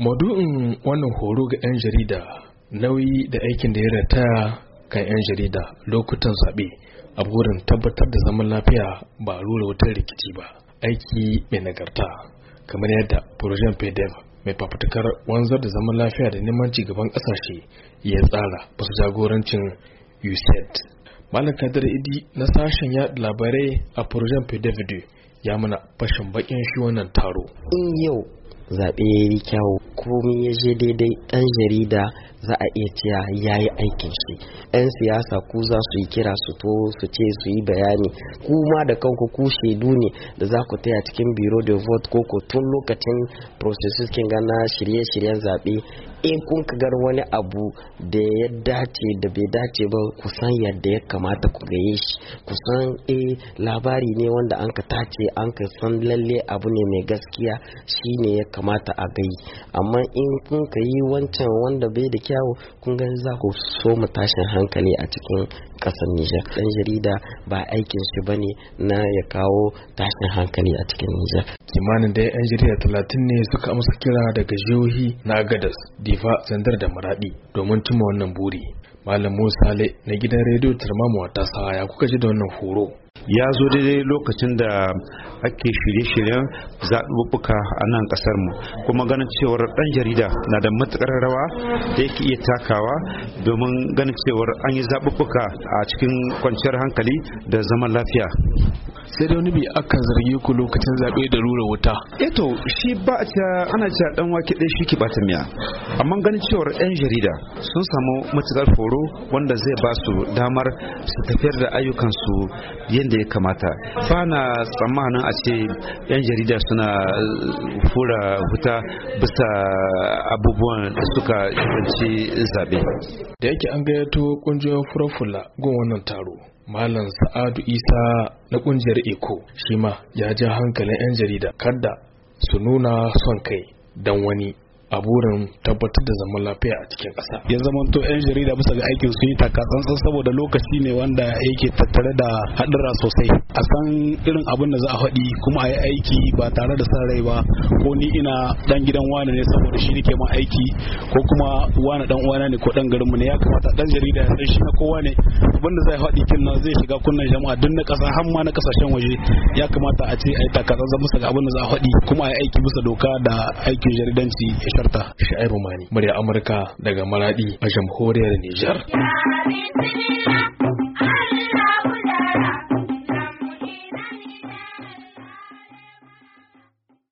Madu'in wannan horo ga 'yan jarida nauyi da aikin da ya rataya kan 'yan jarida lokutan zaɓe a burin tabbatar da zaman lafiya ba a lura wutar rikici ba aiki mai nagarta kamar yadda projen pdf mai fafutukar wanzar da zaman lafiya da neman gaban ƙasashe ya tsara basu jagorancin usaid malam kadar idi na sashen yaɗa labarai a projen pdf ya mana fashin bakin shi wannan taro in yau zaɓe ya yi kyawu komai ya je daidai ɗan jarida za a iya cewa ya yi aikin shi 'yan siyasa ku za su yi kira su to su ce su yi bayani ku ma da kanku ku shaidu ne da za ku taya cikin biro de vote ko ko tun lokacin processus kin gana shirye-shiryen zaɓe in kun ka gar wani abu da ya dace da bai dace ba kusan yadda ya kamata ku gaye shi ku san eh, labari ne wanda an ka tace an ka san lalle abu ne mai gaskiya shine ya kamata a gai amma in kun ka yi wancan wanda bai da kyawu kun gani za ku so mu tashin hankali a cikin kasar Nijar dan jarida ba aikin shi bane na ya kawo tashin hankali a cikin Nijar kimanin da yan jarida talatin ne suka amsa kira daga jihohi na gadas Difa Zandar da Maradi domin cimma wannan buri Malam Musa na gidan rediyo Tarmamuwa ta sa ya kuka ji da wannan horo ya zo daidai lokacin da ake shirye-shiryen zaɓuɓɓuka a nan ƙasar mu kuma ganin cewar ɗan jarida na da matuƙar rawa da yake iya takawa domin ganin cewar an yi zaɓuɓɓuka a cikin kwanciyar hankali da zaman lafiya sai da wani bi aka zargi ku lokacin zaɓe da rura wuta eto eh shi ba a cewa ana cewa dan wake ɗaya shi ke bata miya amma ganin cewar 'yan jarida sun samu matuƙar horo wanda zai ba su damar su tafiyar da ayyukansu yadda ya kamata fana tsammanin a ce yan jarida suna fura eh, huta bisa abubuwan da suka ci zabe da yake an gayyato kungiyar furafula gun wannan taro malam sa'adu isa na kungiyar Eko shima ya ja hankalin yan jarida kada su nuna son kai don wani a burin tabbatar da zaman lafiya a cikin ƙasa ya zama to yan jarida bisa ga aikin su yi takatsantsan saboda lokaci ne wanda yake tattare da haɗura sosai a san irin abin da za a faɗi kuma a yi aiki ba tare da san rai ba ko ni ina dan gidan wani ne saboda shi ke ma aiki ko kuma wani dan uwana ne ko dan garinmu ne ya kamata dan jarida ya san shi na kowa ne abin da zai faɗi kin nan zai shiga kunnan jama'a duk na ƙasa har ma na ƙasashen waje ya kamata a ce a yi takatsantsan bisa ga abin da za a faɗi kuma a yi aiki bisa doka da aikin jaridanci gabatar da sha'iru mani murya amurka daga maradi a jamhuriyar nijar